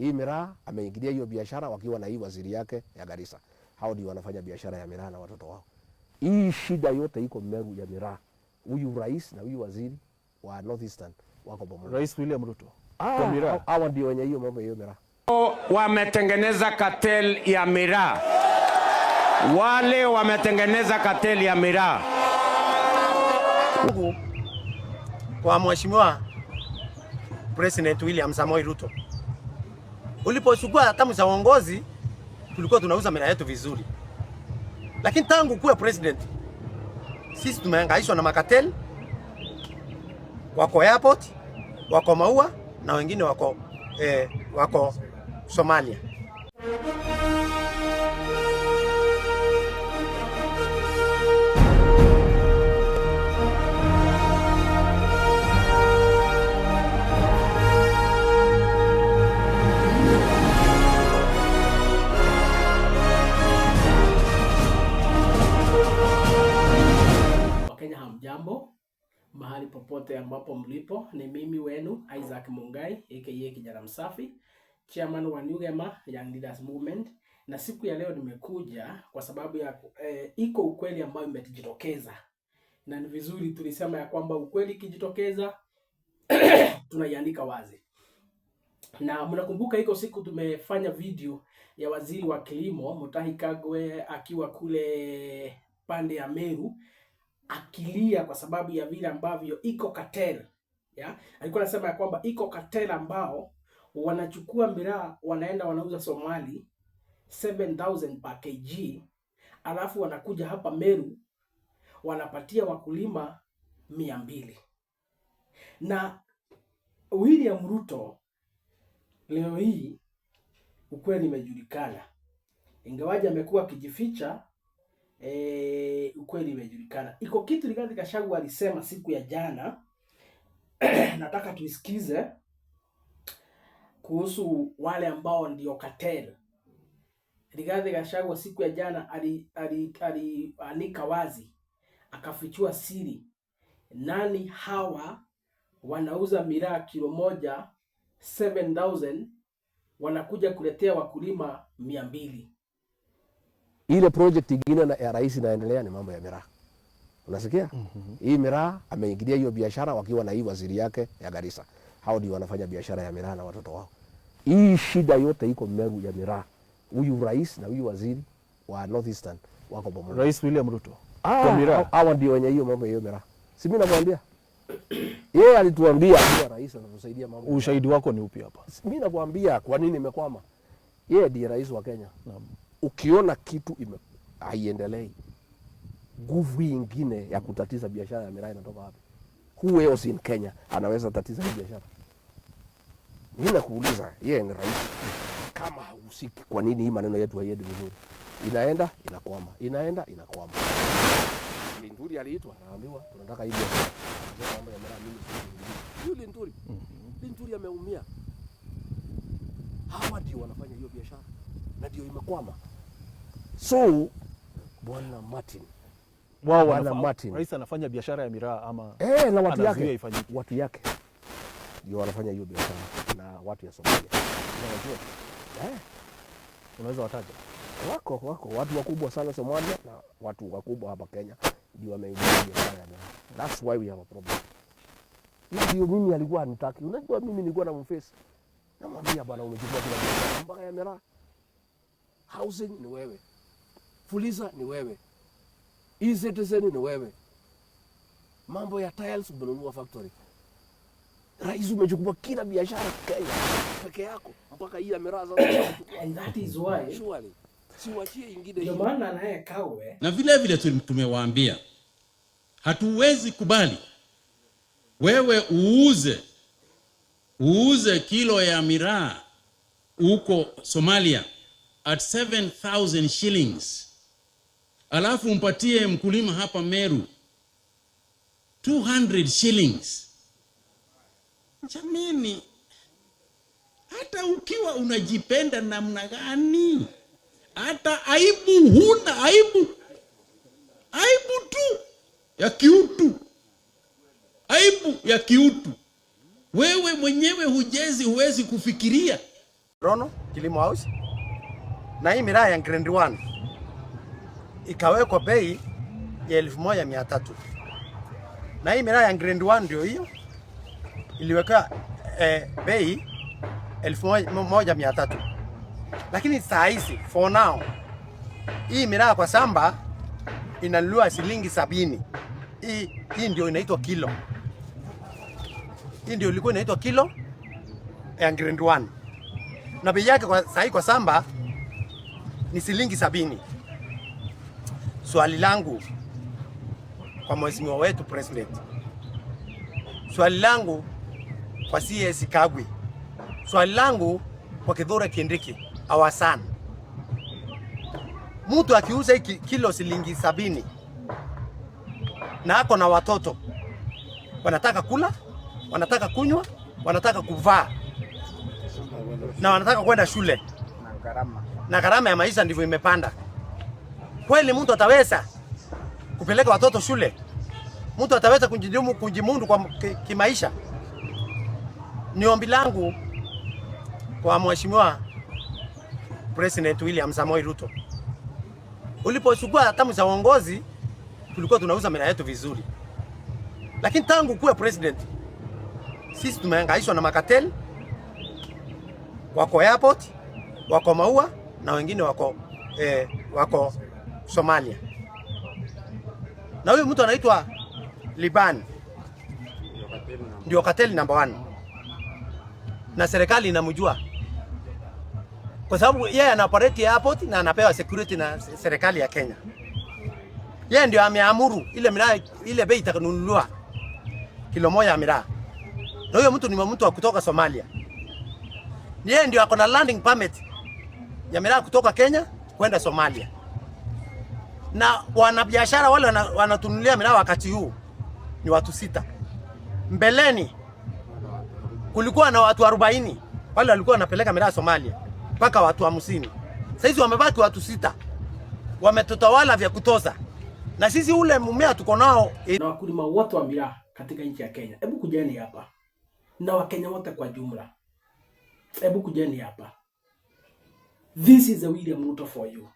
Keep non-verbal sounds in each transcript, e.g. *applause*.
Hii miraa ameingilia hiyo biashara wakiwa na hii waziri yake ya Garissa. Hao ndio wanafanya biashara ya miraa na watoto wao. Hii shida yote iko Meru ya miraa. Huyu rais na huyu waziri wa Northeastern wako pamoja. Rais William Ruto. Ah, hawa ndio wenye hiyo mambo hiyo miraa. Wametengeneza katel ya miraa. Wale wametengeneza katel ya miraa. Kwa Mheshimiwa President William Samoei Ruto ulipochukua hatamu za uongozi tulikuwa tunauza mila yetu vizuri, lakini tangu kuwa president sisi tumehangaishwa na makatel, wako airport, wako maua na wengine wako eh, wako Somalia. Msafi, chairman wa Nugema Young Leaders Movement, na siku ya leo nimekuja kwa sababu ya eh, iko ukweli ambayo imejitokeza, na ni vizuri tulisema ya kwamba ukweli ikijitokeza *clears throat* tunaiandika wazi na mnakumbuka iko siku tumefanya video ya waziri wa kilimo Mutahi Kagwe akiwa kule pande ya Meru akilia kwa sababu ya vile ambavyo iko cartel ya alikuwa anasema ya kwamba iko cartel ambao wanachukua miraa wanaenda wanauza Somali 7000 per kg, alafu wanakuja hapa Meru wanapatia wakulima mia mbili. Na William Ruto leo hii ukweli imejulikana, ingawaje amekuwa akijificha e, ukweli imejulikana. Iko kitu Rigathi Gachagua alisema siku ya jana *clears throat* nataka tuisikize kuhusu wale ambao ndio cartel. Rigathi Gachagua siku ya jana alianika ali, ali wazi akafichua siri nani hawa wanauza miraa kilo moja 7000 wanakuja kuletea wakulima mia mbili. Ile project ingine na ya rais inaendelea ni mambo ya miraa, unasikia? mm -hmm. Hii miraa ameingilia hiyo biashara wakiwa na hii waziri yake ya Garissa, hao ndio wanafanya biashara ya miraa na watoto wao. Hii shida yote iko Meru ya miraa. Huyu rais na huyu waziri wa Northeastern wako pamoja. Rais William Ruto. Ah, hawa ndio wenye hiyo mambo hiyo miraa. Si mimi nakwambia. Yeye alituambia kuwa rais anatusaidia mambo. Ushahidi wako ni upi hapa? Mimi nakwambia kwa nini imekwama. Yeye ndiye rais wa Kenya. Naam. Ukiona kitu ime haiendelei, nguvu nyingine ya kutatiza biashara ya miraa inatoka wapi? Who else in Kenya anaweza tatiza biashara? Mimi nakuuliza yeye ni rais, kama hahusiki, kwa nini hii maneno yetu haiendi vizuri? Inaenda inakwama, inaenda inakwama. Linturi aliitwa anaambiwa tunataka hii mambo ya mara mingi. hiyo Linturi, Linturi ameumia. Hawa ndio wanafanya hiyo biashara na ndio imekwama. So bwana Martin wao wana Martin, rais anafanya biashara ya miraa ama eh, na watu yake, watu yake ndio wanafanya hiyo biashara na watu ya Somalia. Unajua eh, unaweza wataja wako wako watu wakubwa sana Somalia na watu wakubwa hapa Kenya ndio wameingia biashara ya dawa. That's why we have a problem. Ndio mimi alikuwa anitaki. Unajua mimi nilikuwa na mface. Namwambia bwana, umechukua kila kitu mpaka ya mera. Housing ni wewe. Fuliza ni wewe. E-citizen ni wewe. Mambo ya tiles umenunua factory. Rais umechukua kila biashara Kenya peke yako mpaka hii ameraza. *coughs* that is why surely siwachie ingine hiyo, maana naye kawe na vile vile tumewaambia hatuwezi kubali wewe uuze uuze kilo ya miraa huko Somalia at 7000 shillings alafu mpatie mkulima hapa Meru 200 shillings Jamini, hata ukiwa unajipenda namna gani, hata aibu huna, aibu aibu tu ya kiutu, aibu ya kiutu. Wewe mwenyewe hujezi, huwezi kufikiria. Rono Kilimo House na hii miraa ya grade 1 ikawekwa bei ya elfu moja mia tatu na hii miraa ya Grand One ndio hiyo iliweka eh, bei elfu moja mia tatu lakini saa hizi for now hii miraa kwa shamba inalua shilingi sabini. Hii, hii ndio inaitwa kilo, hii ndio ilikuwa inaitwa kilo ya grade one na bei yake kwa saa hii kwa shamba ni shilingi sabini. Swali langu kwa mheshimiwa wetu president, swali langu kwa CS Kagwe. Swali langu kwa Kithure Kindiki, our son, mtu akiuza kilo shilingi sabini na ako na watoto wanataka kula, wanataka kunywa, wanataka kuvaa na wanataka kwenda shule na gharama ya maisha ndivyo imepanda. Kweli mtu ataweza kupeleka watoto shule? Mtu ataweza kujimundu kwa kimaisha? Ni ombi langu kwa Mheshimiwa President William Samoei Ruto, ulipochukua hatamu za uongozi tulikuwa tunauza mila yetu vizuri, lakini tangu kuwa president sisi tumehangaishwa na makateli, wako airport, wako Maua na wengine wako, eh, wako Somalia na huyu mtu anaitwa Liban ndio kateli namba 1 na serikali inamjua kwa sababu yeye yeah, ana operate airport na anapewa security na serikali ya Kenya. Yeye yeah, ndio ameamuru ile miraa ile bei itanunuliwa kilo moja ya miraa. Na huyo mtu ni mtu wa kutoka Somalia. Yeye yeah, ndio ako na landing permit ya miraa kutoka Kenya kwenda Somalia. Na wanabiashara wale wanatunulia miraa wakati huu ni watu sita. Mbeleni kulikuwa na watu 40 wale walikuwa wanapeleka miraa Somalia mpaka watu 50. Sasa hizi wamebaki watu sita, wametotawala vya kutoza, na sisi ule mumea tuko nao eh. na wakulima wote wa miraa katika nchi ya Kenya. Hebu kujeni hapa na Wakenya wote kwa jumla, hebu kujeni hapa. This is a William Ruto for you.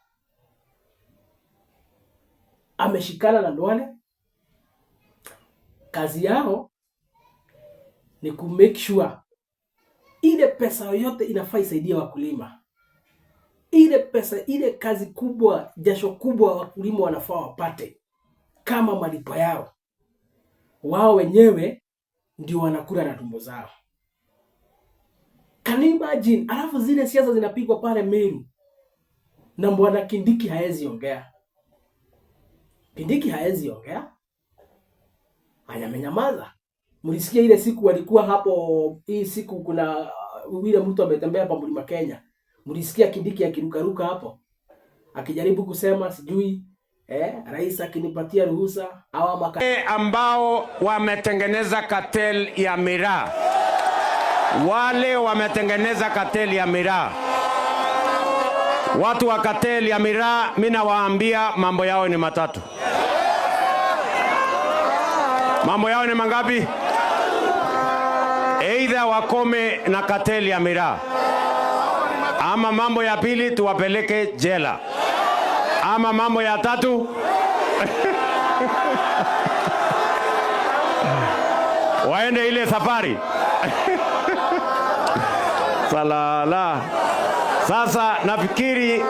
Ameshikana na Ndwale, kazi yao ni ku make sure ile pesa yoyote inafaa isaidia wakulima, ile pesa, ile kazi kubwa, jasho kubwa wakulima wanafaa wapate kama malipo yao, wao wenyewe ndio wanakula na tumbo zao. Can you imagine? Alafu zile siasa zinapigwa pale Meru na Bwana Kindiki haezi ongea, Kindiki haezi ongea, anyamenyamaza mlisikia ile siku walikuwa hapo, hii siku kuna uh, yule mtu ametembea pa mlima Kenya, mlisikia Kindiki akirukaruka hapo akijaribu kusema sijui eh, rais akinipatia ruhusa au maka... ambao wametengeneza katel ya miraa, wale wametengeneza katel ya miraa, watu wa katel ya miraa, mimi nawaambia mambo yao ni matatu. Mambo yao ni mangapi? Aidha wakome na kateli ya miraa, ama mambo ya pili tuwapeleke jela, ama mambo ya tatu *laughs* waende ile safari *laughs* salala. Sasa nafikiri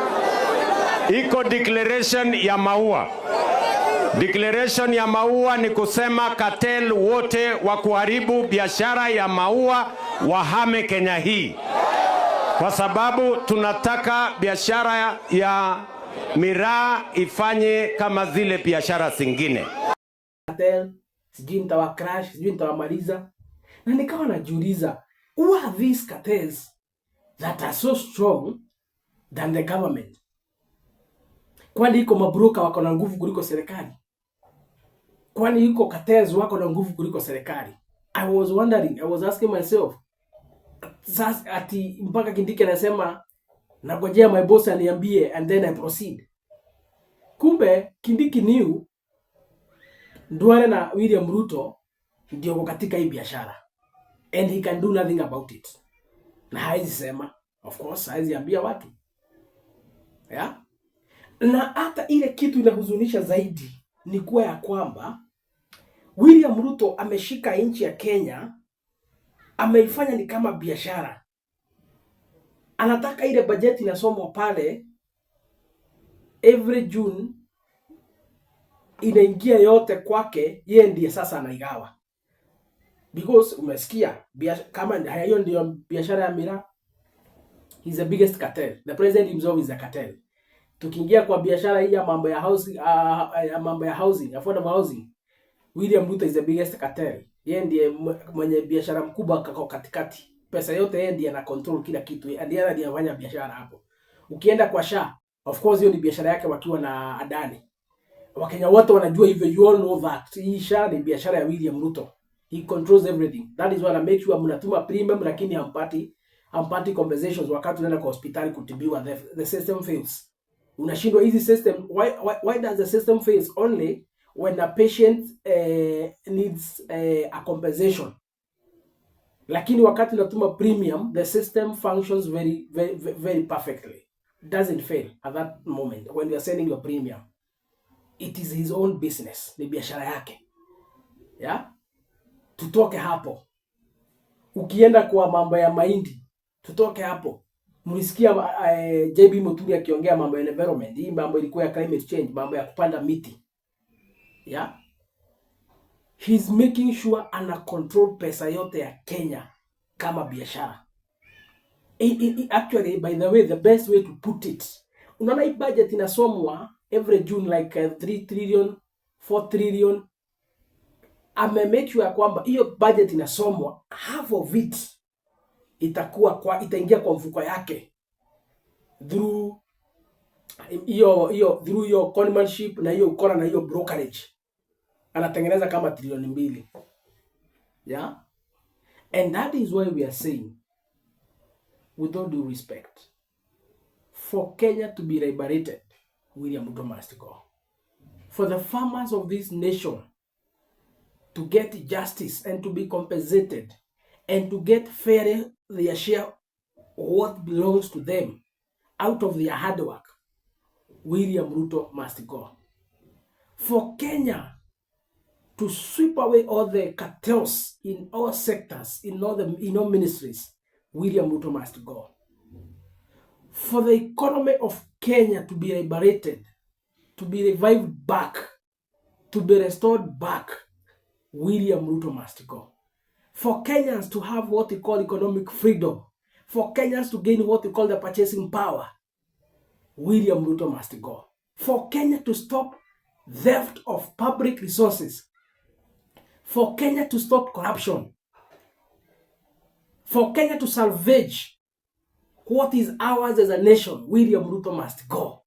iko declaration ya maua. Declaration ya maua ni kusema cartel wote wa kuharibu biashara ya maua wahame Kenya hii, kwa sababu tunataka biashara ya miraa ifanye kama zile biashara zingine. Cartel sijui nitawa crash, sijui nitawamaliza. Na nikawa najiuliza, who are these cartels that are so strong than the government? Kwani iko mabroka wako na nguvu kuliko serikali? kwani yuko katezo wako na nguvu kuliko serikali? I was wondering, I was asking myself sasa, ati mpaka Kindiki anasema nagojea my boss aniambie and then I proceed. Kumbe Kindiki knew Duale na William Ruto ndio katika hii biashara and he can do nothing about it, na haizi sema, of course haizi ambia watu yeah? na hata ile kitu inahuzunisha zaidi ni kuwa ya kwamba William Ruto ameshika nchi ya Kenya, ameifanya ni kama biashara. Anataka ile bajeti inasomwa pale every June inaingia yote kwake, yeye ndiye sasa anaigawa, because umesikia kama hiyo ndio biashara ya miraa. He's the biggest cartel, the president himself is a cartel. Tukiingia kwa biashara hii ya mambo ya housing, uh, ya mambo ya housing affordable housing William Ruto is the biggest cartel. Yeye ndiye mwenye biashara mkubwa kako katikati. Pesa yote yeye ndiye ana control kila kitu. Yeye ndiye anafanya biashara hapo. Ukienda kwa Sha, of course hiyo ni biashara yake wakiwa na Adani. Wakenya wote wanajua hivyo, you all know that. Hii Shah ni biashara ya William Ruto. He controls everything. That is why I make sure mnatuma premium lakini hampati hampati compensations wakati unaenda kwa hospitali kutibiwa. The, the system fails. Unashindwa hizi system why, why, why does the system fails only when a patient uh, needs uh, a compensation, lakini wakati natuma premium the system functions very, very, very perfectly doesn't fail at that moment when you are sending your premium. It is his own business, ni biashara yake yeah? Tutoke hapo. Ukienda kwa mambo ya mahindi, tutoke hapo. Mlisikia uh, eh, JB Muturi akiongea mambo ya environment, hii mambo ilikuwa ya climate change, mambo ya kupanda miti yeah? He's making sure ana control pesa yote ya Kenya kama biashara. Actually, by the way, the best way to put it, unaona hii budget inasomwa every June like 3 uh, trillion 4 trillion. Ame make sure kwamba hiyo budget inasomwa half of it itakuwa kwa itaingia kwa mfuko yake through hiyo hiyo through your conmanship na hiyo ukora na hiyo brokerage anatengeneza kama trilioni mbili yeah? and that is why we are saying with all due respect for Kenya to be liberated William Ruto must go for the farmers of this nation to get justice and to be compensated and to get fair their share what belongs to them out of their hard work William Ruto must go for Kenya to sweep away all the cartels in all sectors, in all, the, in all ministries, William Ruto must go. For the economy of Kenya to be liberated, to be revived back, to be restored back, William Ruto must go. For Kenyans to have what we call economic freedom, for Kenyans to gain what we call the purchasing power, William Ruto must go. For Kenya to stop theft of public resources, for Kenya to stop corruption, for Kenya to salvage what is ours as a nation, William Ruto must go.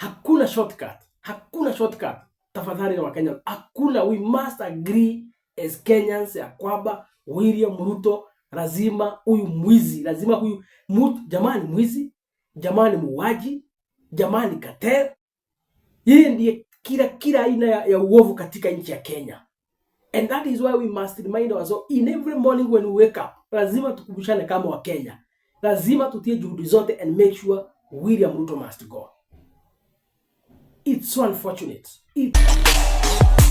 Hakuna shortcut, hakuna shortcut tafadhali na Wakenya, hakuna. We must agree as Kenyans ya kwamba William Ruto lazima, huyu mwizi lazima, huyu mtu jamani, mwizi jamani, muuaji jamani, kater, yeye ndiye kila kila aina ya, ya uovu katika nchi ya Kenya. And that is why we must remind ourselves in every morning when we wake up, lazima tukumbushane kama wa Kenya, lazima tutie juhudi zote and make sure William Ruto must go. It's so unfortunate. It's...